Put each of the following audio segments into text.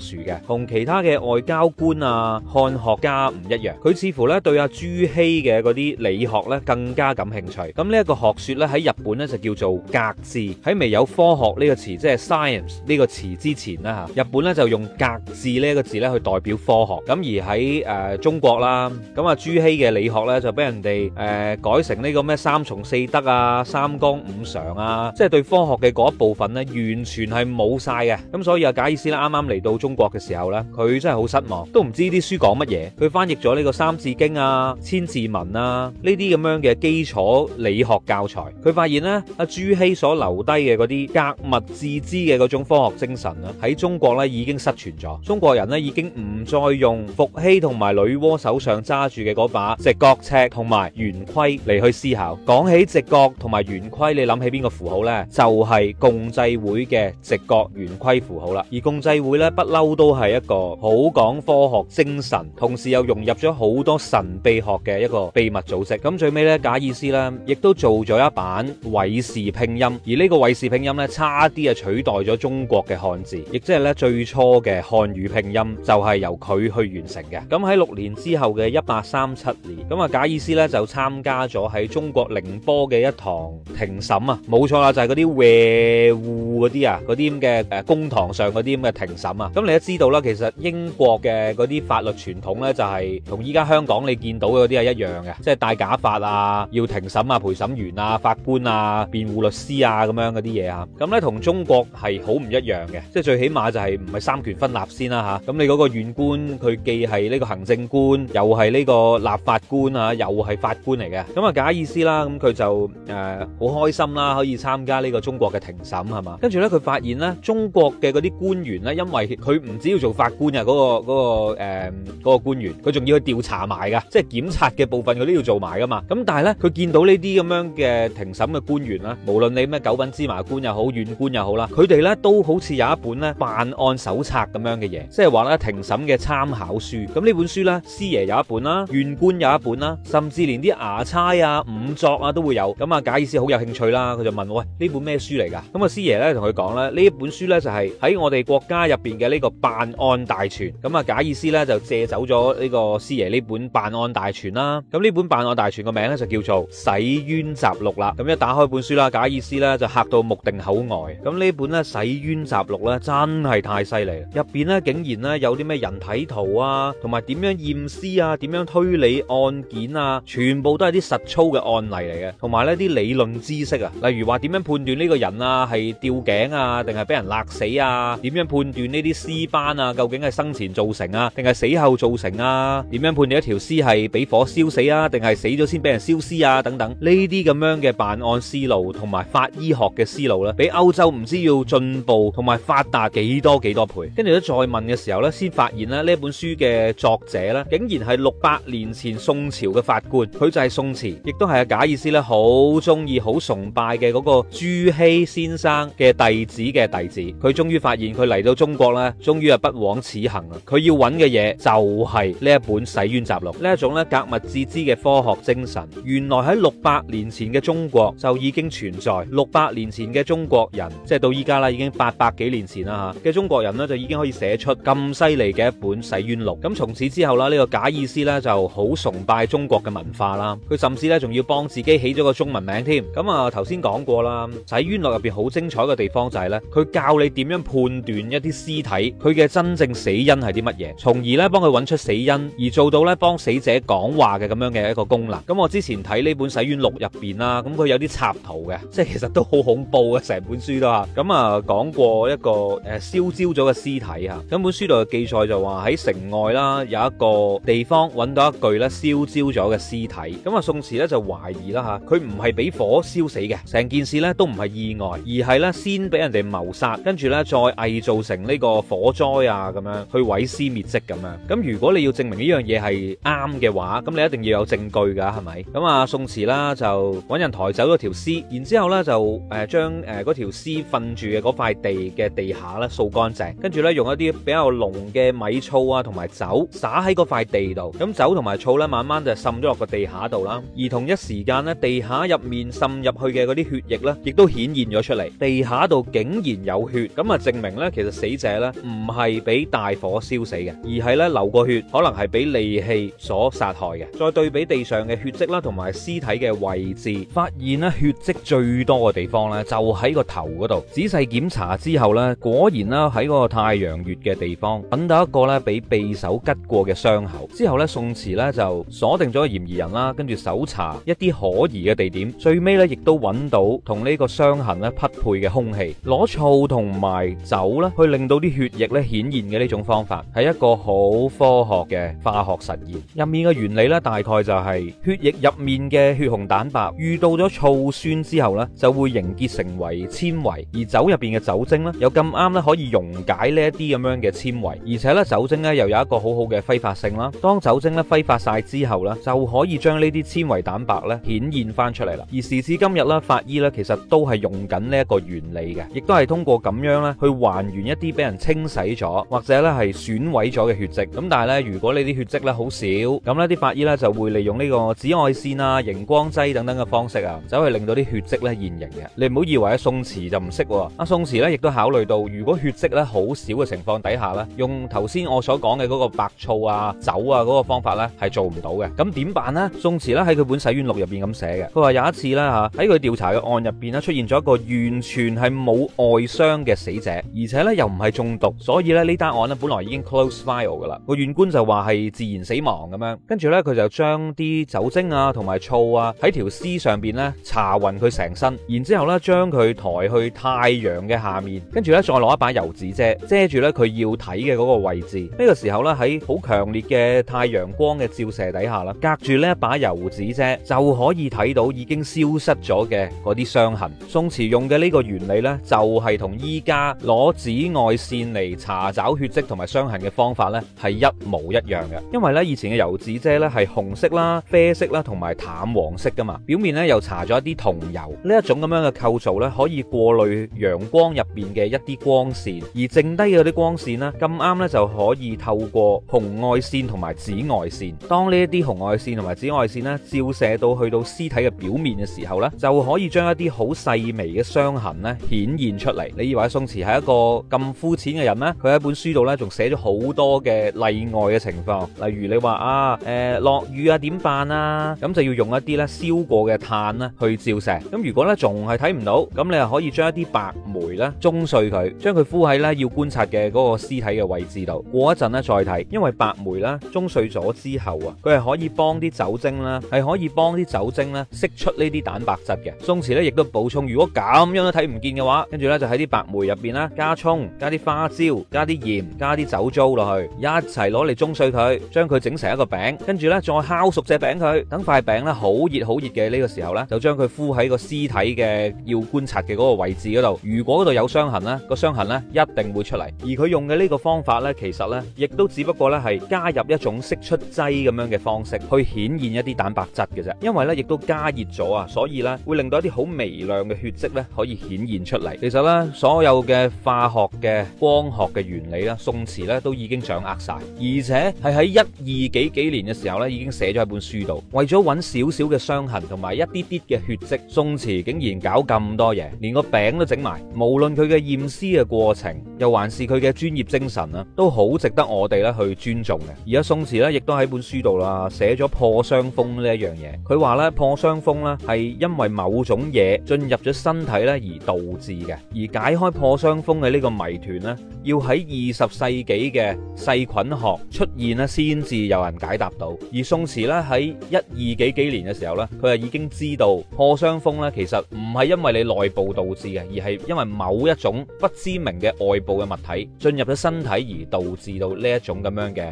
樹嘅，同其他嘅外交官啊、漢學家唔一樣，佢似乎咧對阿朱熹嘅嗰啲理學咧更加感興趣。咁呢一個學說咧喺日本咧就叫做格致，喺未有科學呢個詞，即係 science 呢個詞之前啦吓，日本咧就用格致呢一個字咧去代表科學。咁而喺誒中國啦，咁啊朱熹嘅理學咧就俾人哋誒改成呢個咩三從四德啊、三綱五常啊，即係對科學嘅嗰一部分咧完全係冇晒嘅。咁所以阿解伊斯咧啱啱嚟到中。中國嘅時候咧，佢真係好失望，都唔知啲書講乜嘢。佢翻譯咗呢個《三字經》啊，《千字文》啊，呢啲咁樣嘅基礎理學教材。佢發現咧，阿朱熹所留低嘅嗰啲格物致知嘅嗰種科學精神啦，喺中國咧已經失傳咗。中國人咧已經唔再用伏羲同埋女媧手上揸住嘅嗰把直角尺同埋圓規嚟去思考。講起直角同埋圓規，你諗起邊個符號呢？就係、是、共濟會嘅直角圓規符號啦。而共濟會咧不。嬲都係一個好講科學精神，同時又融入咗好多神秘學嘅一個秘密組織。咁最尾呢，假意思呢亦都做咗一版韋氏拼音，而呢個韋氏拼音呢，差啲啊取代咗中國嘅漢字，亦即係呢最初嘅漢語拼音就係由佢去完成嘅。咁喺六年之後嘅一八三七年，咁啊假意思呢就參加咗喺中國寧波嘅一堂庭審啊，冇錯啦，就係嗰啲衙戶嗰啲啊，嗰啲咁嘅誒公堂上嗰啲咁嘅庭審啊。咁你都知道啦，其實英國嘅嗰啲法律傳統咧，就係同依家香港你見到嗰啲係一樣嘅，即係戴假髮啊，要庭審啊，陪審員啊，法官啊，辯護律師啊咁樣嗰啲嘢啊。咁咧同中國係好唔一樣嘅，即係最起碼就係唔係三權分立先啦、啊、吓，咁、啊、你嗰個縣官佢既係呢個行政官，又係呢個立法官啊，又係法官嚟嘅。咁、嗯、啊假意思啦，咁佢就誒好、呃、開心啦，可以參加呢個中國嘅庭審，係嘛？跟住咧佢發現咧，中國嘅嗰啲官員咧，因為佢。佢唔只要做法官啊，嗰個嗰個誒嗰個官員，佢仲要去調查埋噶，即係檢察嘅部分佢都要做埋噶嘛。咁但係咧，佢見到呢啲咁樣嘅庭審嘅官員啦，無論你咩九品芝麻官又好，縣官又好啦，佢哋咧都好似有一本咧辦案手冊咁樣嘅嘢，即係話咧庭審嘅參考書，咁呢本書咧，師爺有一本啦，縣官有一本啦，甚至連啲衙差啊、仵作啊都會有。咁啊，假意思好有興趣啦，佢就問我：喂，呢本咩書嚟？噶，咁啊，師爺咧同佢講咧，呢一本書咧就係喺我哋國家入邊嘅呢。呢個辦案大全咁啊，假意思咧就借走咗呢個師爺呢本辦案大全啦。咁呢本辦案大全個名咧就叫做《洗冤集錄》啦。咁一打開本書啦，假意思咧就嚇到目定口呆。咁呢本咧《洗冤集錄》咧真係太犀利啦，入邊咧竟然咧有啲咩人體圖啊，同埋點樣驗屍啊，點樣推理案件啊，全部都係啲實操嘅案例嚟嘅，同埋呢啲理論知識啊，例如話點樣判斷呢個人啊係吊頸啊定係俾人勒死啊，點樣判斷呢啲。屍斑啊，究竟係生前造成啊，定係死後造成啊？點樣判定一條屍係俾火燒死啊，定係死咗先俾人燒屍啊？等等呢啲咁樣嘅辦案思路同埋法醫學嘅思路咧，比歐洲唔知要進步同埋發達幾多幾多倍。跟住都再問嘅時候咧，先發現咧呢本書嘅作者咧，竟然係六百年前宋朝嘅法官，佢就係宋慈，亦都係阿假意思咧好中意、好崇拜嘅嗰個朱熹先生嘅弟子嘅弟子。佢終於發現佢嚟到中國咧。終於係不枉此行啦！佢要揾嘅嘢就係呢一本《洗冤集錄》，呢一種咧，格物致知嘅科學精神，原來喺六百年前嘅中國就已經存在。六百年前嘅中國人，即係到依家啦，已經八百幾年前啦嚇嘅中國人咧，就已經可以寫出咁犀利嘅一本《洗冤錄》。咁從此之後啦，呢個假意思咧，就好崇拜中國嘅文化啦。佢甚至咧，仲要幫自己起咗個中文名添。咁啊頭先講過啦，《洗冤錄》入邊好精彩嘅地方就係咧，佢教你點樣判斷一啲屍體。佢嘅真正死因係啲乜嘢？從而咧幫佢揾出死因，而做到咧幫死者講話嘅咁樣嘅一個功能。咁、嗯、我之前睇呢本《洗冤錄》入邊啦，咁、嗯、佢有啲插圖嘅，即係其實都好恐怖嘅，成本書都吓。咁啊、嗯，講過一個誒燒、呃、焦咗嘅屍體吓。咁、啊、本書度嘅記載就話喺城外啦、啊，有一個地方揾到一具咧燒焦咗嘅屍體。咁啊、嗯，宋慈咧就懷疑啦吓，佢唔係俾火燒死嘅，成件事咧都唔係意外，而係咧先俾人哋謀殺，跟住咧再偽造成呢個火火災啊，咁樣去毀屍滅跡咁樣。咁如果你要證明呢樣嘢係啱嘅話，咁你一定要有證據㗎，係咪？咁啊，宋慈啦就揾人抬走嗰條屍，然之後呢，就誒將誒嗰條屍瞓住嘅嗰塊地嘅地下咧掃乾淨，跟住呢，用一啲比較濃嘅米醋啊同埋酒灑喺嗰塊地度。咁酒同埋醋呢，慢慢就滲咗落個地下度啦。而同一時間呢，地下入面滲入去嘅嗰啲血液呢，亦都顯現咗出嚟。地下度竟然有血，咁啊，證明呢，其實死者呢，唔係俾大火燒死嘅，而係咧流過血，可能係俾利器所殺害嘅。再對比地上嘅血跡啦，同埋屍體嘅位置，發現咧血跡最多嘅地方咧就喺個頭嗰度。仔細檢查之後咧，果然啦喺嗰個太陽穴嘅地方，揾到一個咧俾匕首拮過嘅傷口。之後咧宋慈咧就鎖定咗個嫌疑人啦，跟住搜查一啲可疑嘅地點，最尾咧亦都揾到同呢個傷痕咧匹配嘅兇器，攞醋同埋酒啦，去令到啲血。液咧顯現嘅呢種方法，係一個好科學嘅化學實驗入面嘅原理咧，大概就係、是、血液入面嘅血紅蛋白遇到咗醋酸之後咧，就會凝結成為纖維，而酒入邊嘅酒精咧又咁啱咧可以溶解呢一啲咁樣嘅纖維，而且咧酒精咧又有一個好好嘅揮發性啦。當酒精咧揮發晒之後咧，就可以將呢啲纖維蛋白咧顯現翻出嚟啦。而時至今日啦，法醫咧其實都係用緊呢一個原理嘅，亦都係通過咁樣咧去還原一啲俾人清。清洗咗或者咧係損毀咗嘅血跡，咁但係咧，如果你啲血跡咧好少，咁呢啲法醫咧就會利用呢個紫外線啊、熒光劑等等嘅方式啊，走去令到啲血跡咧現形嘅。你唔好以為宋慈就唔識，啊宋慈咧亦都考慮到，如果血跡咧好少嘅情況底下咧，用頭先我所講嘅嗰個白醋啊、酒啊嗰個方法咧係做唔到嘅。咁點辦呢？宋慈咧喺佢本《洗冤錄》入邊咁寫嘅，佢話有一次啦吓，喺佢調查嘅案入邊咧出現咗一個完全係冇外傷嘅死者，而且咧又唔係中毒。所以咧呢單案咧本來已經 close file 噶啦，個院官就話係自然死亡咁樣，跟住呢，佢就將啲酒精啊同埋醋啊喺條屍上邊呢搽勻佢成身，然之後咧將佢抬去太陽嘅下面，跟住呢，再攞一把油紙遮遮住呢佢要睇嘅嗰個位置。呢個時候呢，喺好強烈嘅太陽光嘅照射底下啦，隔住呢一把油紙遮就可以睇到已經消失咗嘅嗰啲傷痕。宋慈用嘅呢個原理呢，就係同依家攞紫外線嚟查找血跡同埋傷痕嘅方法呢，係一模一樣嘅。因為呢以前嘅油紙遮呢，係紅色啦、啡色啦同埋淡黃色噶嘛，表面呢，又搽咗一啲桐油。呢一種咁樣嘅構造呢，可以過濾陽光入邊嘅一啲光線，而剩低嗰啲光線呢，咁啱呢，就可以透過紅外線同埋紫外線。當呢一啲紅外線同埋紫外線呢照射到去到屍體嘅表面嘅時候呢，就可以將一啲好細微嘅傷痕呢顯現出嚟。你以為宋慈係一個咁膚淺嘅人？佢喺本書度咧，仲寫咗好多嘅例外嘅情況，例如你話啊，誒落雨啊點辦啊？咁就要用一啲咧燒過嘅炭啦去照射。咁如果咧仲係睇唔到，咁你又可以將一啲白梅咧中碎佢，將佢敷喺咧要觀察嘅嗰個屍體嘅位置度。過一陣咧再睇，因為白梅咧中碎咗之後啊，佢係可以幫啲酒精啦，係可以幫啲酒精咧釋出呢啲蛋白質嘅。宋慈咧亦都補充，如果咁樣都睇唔見嘅話，跟住咧就喺啲白梅入邊啦，加葱，加啲花。燒加啲鹽，加啲酒糟落去，一齊攞嚟舂碎佢，將佢整成一個餅，跟住咧再烤熟隻餅佢，等塊餅咧好熱好熱嘅呢個時候咧，就將佢敷喺個屍體嘅要觀察嘅嗰個位置嗰度。如果嗰度有傷痕咧，個傷痕咧一定會出嚟。而佢用嘅呢個方法咧，其實咧亦都只不過咧係加入一種釋出劑咁樣嘅方式，去顯現一啲蛋白質嘅啫。因為咧亦都加熱咗啊，所以咧會令到一啲好微量嘅血迹咧可以顯現出嚟。其實咧所有嘅化學嘅光。學嘅原理啦，宋慈咧都已經掌握晒，而且係喺一二幾幾年嘅時候咧，已經寫咗喺本書度。為咗揾少少嘅傷痕同埋一啲啲嘅血跡，宋慈竟然搞咁多嘢，連個餅都整埋。無論佢嘅驗屍嘅過程。又還是佢嘅專業精神啦，都好值得我哋咧去尊重嘅。而家宋慈咧，亦都喺本書度啦寫咗破傷風呢一樣嘢。佢話咧破傷風咧係因為某種嘢進入咗身體咧而導致嘅。而解開破傷風嘅呢個謎團咧，要喺二十世紀嘅細菌學出現啊先至有人解答到。而宋慈咧喺一二幾幾年嘅時候咧，佢啊已經知道破傷風咧其實唔係因為你內部導致嘅，而係因為某一種不知名嘅外部。部嘅物體進入咗身體而導致到呢一種咁樣嘅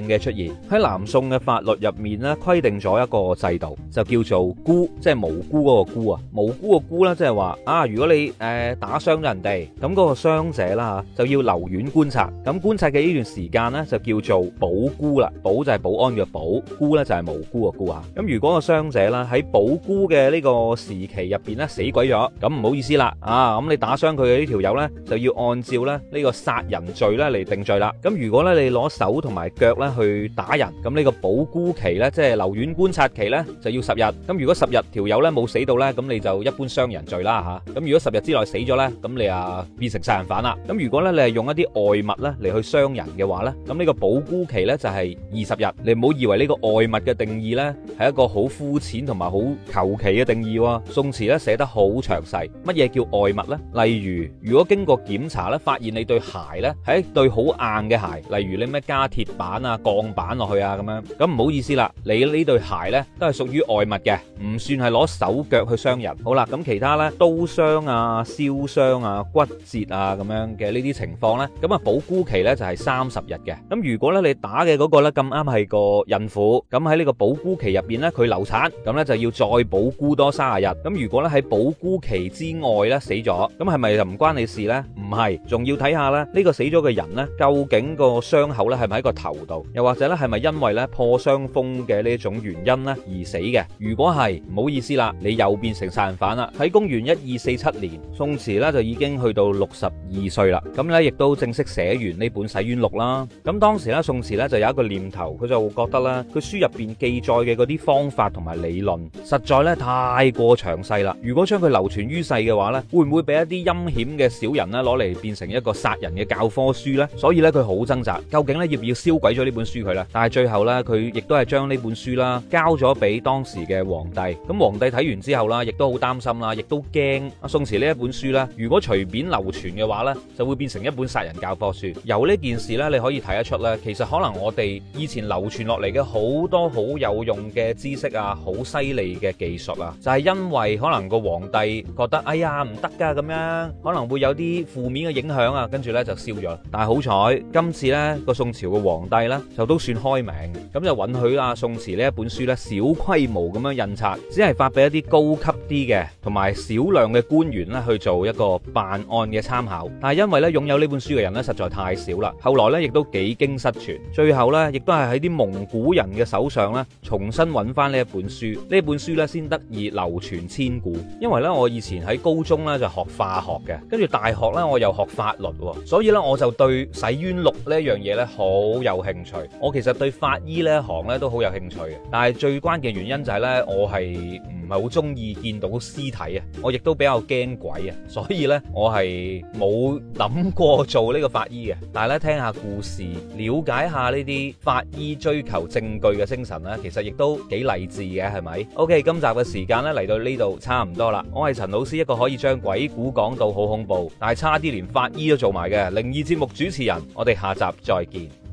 病嘅出現，喺南宋嘅法律入面咧規定咗一個制度，就叫做辜，即係無辜嗰個辜啊，無辜嘅辜啦，即係話啊，如果你誒打傷咗人哋，咁嗰個傷者啦吓就要留院觀察，咁觀察嘅呢段時間咧就叫做保辜啦，保就係保安嘅保，辜咧就係無辜嘅辜啊，咁如果個傷者啦喺保辜嘅呢個時期入邊咧死鬼咗，咁唔好意思啦啊，咁你打傷佢嘅呢條友咧就要按照咧。呢個殺人罪咧嚟定罪啦。咁如果咧你攞手同埋腳咧去打人，咁呢個保辜期咧即係留院觀察期咧就要十日。咁如果十日條友咧冇死到咧，咁你就一般傷人罪啦嚇。咁如果十日之內死咗咧，咁你啊變成殺人犯啦。咁如果咧你係用一啲外物咧嚟去傷人嘅話咧，咁呢個保辜期咧就係二十日。你唔好以為呢個外物嘅定義咧係一個好膚淺同埋好求其嘅定義喎。宋詞咧寫得好詳細，乜嘢叫外物咧？例如如果經過檢查咧發現。你對鞋咧，係對好硬嘅鞋，例如你咩加鐵板啊、鋼板落去啊咁樣，咁唔好意思啦，你呢對鞋咧都係屬於外物嘅，唔算係攞手腳去傷人。好啦，咁其他咧刀傷啊、燒傷啊、骨折啊咁樣嘅呢啲情況咧，咁啊保辜期咧就係三十日嘅。咁如果咧你打嘅嗰個咧咁啱係個孕婦，咁喺呢個保辜期入邊咧佢流產，咁咧就要再保辜多三十日。咁如果咧喺保辜期之外咧死咗，咁係咪就唔關你事咧？唔係，仲要。睇下咧，呢個死咗嘅人呢，究竟個傷口呢係咪喺個頭度？又或者呢係咪因為咧破傷風嘅呢種原因呢而死嘅？如果係，唔好意思啦，你又變成殺人犯啦！喺公元一二四七年，宋慈呢就已經去到六十二歲啦。咁呢亦都正式寫完呢本《洗冤錄》啦。咁當時呢，宋慈呢就有一個念頭，佢就覺得咧，佢書入邊記載嘅嗰啲方法同埋理論，實在呢太過詳細啦。如果將佢流傳於世嘅話呢，會唔會俾一啲陰險嘅小人呢攞嚟變成一個殺人嘅教科書咧，所以咧佢好掙扎，究竟咧要唔要燒毀咗呢本書佢呢？但係最後呢，佢亦都係將呢本書啦交咗俾當時嘅皇帝。咁皇帝睇完之後啦，亦都好擔心啦，亦都驚阿宋慈呢一本書咧，如果隨便流傳嘅話呢，就會變成一本殺人教科書。由呢件事呢，你可以睇得出呢，其實可能我哋以前流傳落嚟嘅好多好有用嘅知識啊，好犀利嘅技術啊，就係、是、因為可能個皇帝覺得，哎呀唔得噶咁樣，可能會有啲負面嘅影響。啊，跟住呢就燒咗。但係好彩，今次呢個宋朝嘅皇帝呢，就都算開明，咁就允許啊宋慈呢一本書呢，小規模咁樣印刷，只係發俾一啲高級啲嘅同埋少量嘅官員呢去做一個辦案嘅參考。但係因為呢擁有呢本書嘅人呢，實在太少啦，後來呢，亦都幾經失傳，最後呢，亦都係喺啲蒙古人嘅手上呢，重新揾翻呢一本書，呢本書呢，先得以流傳千古。因為呢，我以前喺高中呢，就學化學嘅，跟住大學呢，我又學法律。所以咧，我就對洗冤錄呢一樣嘢咧好有興趣。我其實對法醫呢一行咧都好有興趣嘅。但係最關鍵原因就係咧，我係。唔係好中意見到屍體啊，我亦都比較驚鬼啊，所以咧我係冇諗過做呢個法醫嘅。但係咧聽下故事，了解下呢啲法醫追求證據嘅精神咧，其實亦都幾勵志嘅，係咪？OK，今集嘅時間咧嚟到呢度差唔多啦。我係陳老師，一個可以將鬼故講到好恐怖，但係差啲連法醫都做埋嘅靈異節目主持人。我哋下集再見。